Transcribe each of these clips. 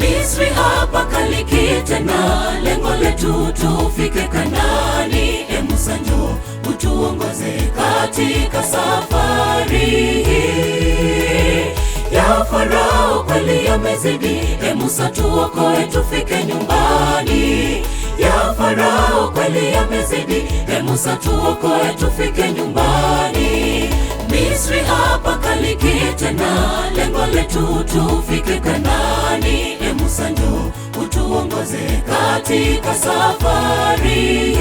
Misri hapa kaliki tena, lengo letu tufike Kanaani. E Musa, njoo utuongoze katika safari ya Farao, kweli yamezidi. E Musa, tuokoe tufike nyumbani ya Farao, kweli yamezidi. E Musa, tuokoe tufike nyumbani. Misri hapa kaliki tena, lengo letu tufike Kanaani sasa njoo utuongoze katika safari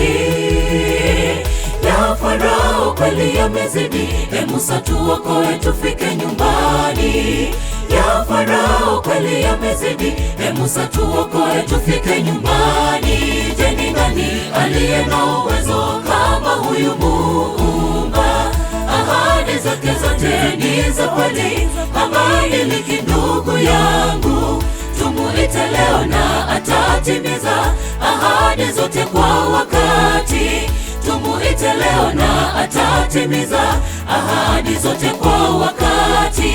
ya Farao kweli yamezidi, e Musa tuokoe tufike nyumbani. Ya Farao kweli yamezidi, e Musa tuokoe tufike nyumbani. Je, ni nani aliye na uwezo kama huyu Muumba? Ahadi zake zote ni za kweli, amani ni kindugu yangu Mwite leo na atatimiza ahadi zote kwa wakati. Tumuite leo na atatimiza ahadi zote kwa wakati.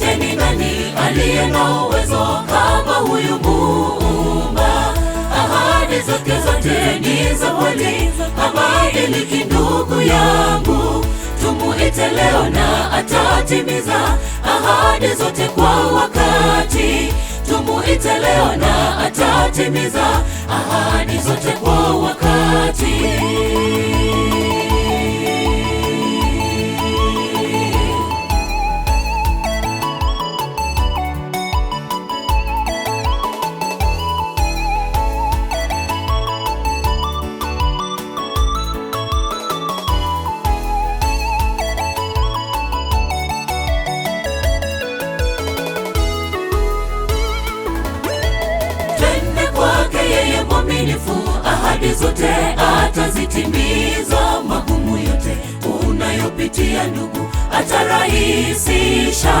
Je, ni nani aliye na uwezo kama huyu Muumba? Ahadi zake zote ni za kweli, habadiliki ndugu yangu. Tumuite leo na atatimiza ahadi zote kwa wakati. Mwite leo na atatimiza ahadi zote kwa wakati. mwaminifu, ahadi zote atazitimiza. Magumu yote unayopitia ndugu, atarahisisha.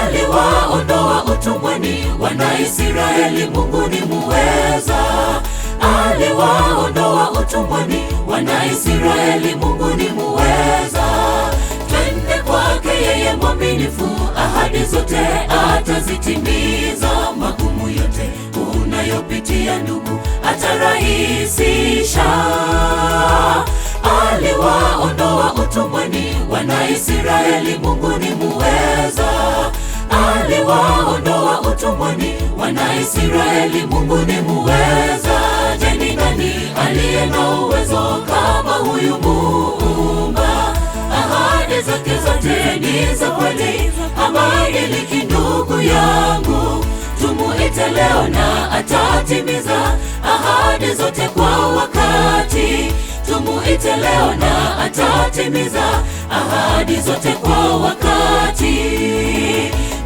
Aliwaondoa utumwani wana Israeli, Mungu ni muweza. Aliwaondoa utumwani wana Israeli, Mungu ni muweza. Twende kwake yeye mwaminifu, ahadi zote atazitimiza. Magumu kupitia ndugu atarahisisha. Aliwaondoa utumwani wana Israeli, Mungu ni muweza. Aliwaondoa utumwani wana Israeli, Mungu ni muweza. Je, ni nani aliye na uwezo kama huyu Muumba? Ahadi zake zote ni za kweli, habadiliki ndugu yangu leo na atatimiza ahadi zote kwa wakati. Tumuite leo na atatimiza ahadi zote kwa wakati.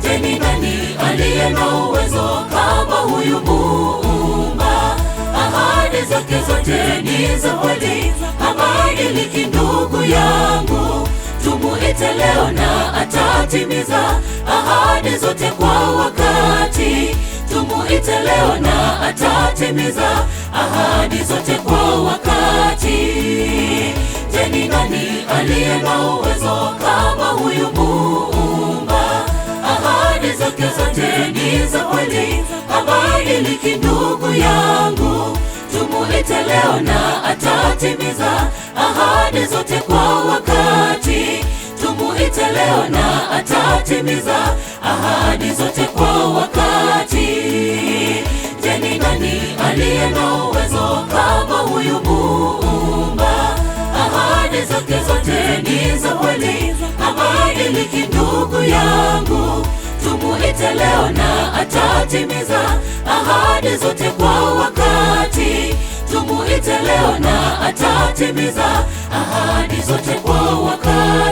Je, ni nani aliye na uwezo kama huyu Muumba? Ahadi zake zote ni za kweli, habadiliki ndugu yangu. Tumuite leo na atatimiza ahadi zote kwa hata leo na atatimiza ahadi zote kwa wakati. Je, ni nani aliye na uwezo kama huyu Muumba? Ahadi zake zote ni za kweli, habadiliki ndugu yangu. Tumuite leo na atatimiza ahadi zote kwa wakati. Tumuite leo na atatimiza ahadi zote kwa wakati. Je, ni nani aliye na uwezo kama huyu Muumba? Ahadi zake zote ni za kweli. Abadiliki ndugu yangu, tumuite leo na atatimiza ahadi zote kwa wakati. Tumuite leo na atatimiza ahadi zote kwa wakati.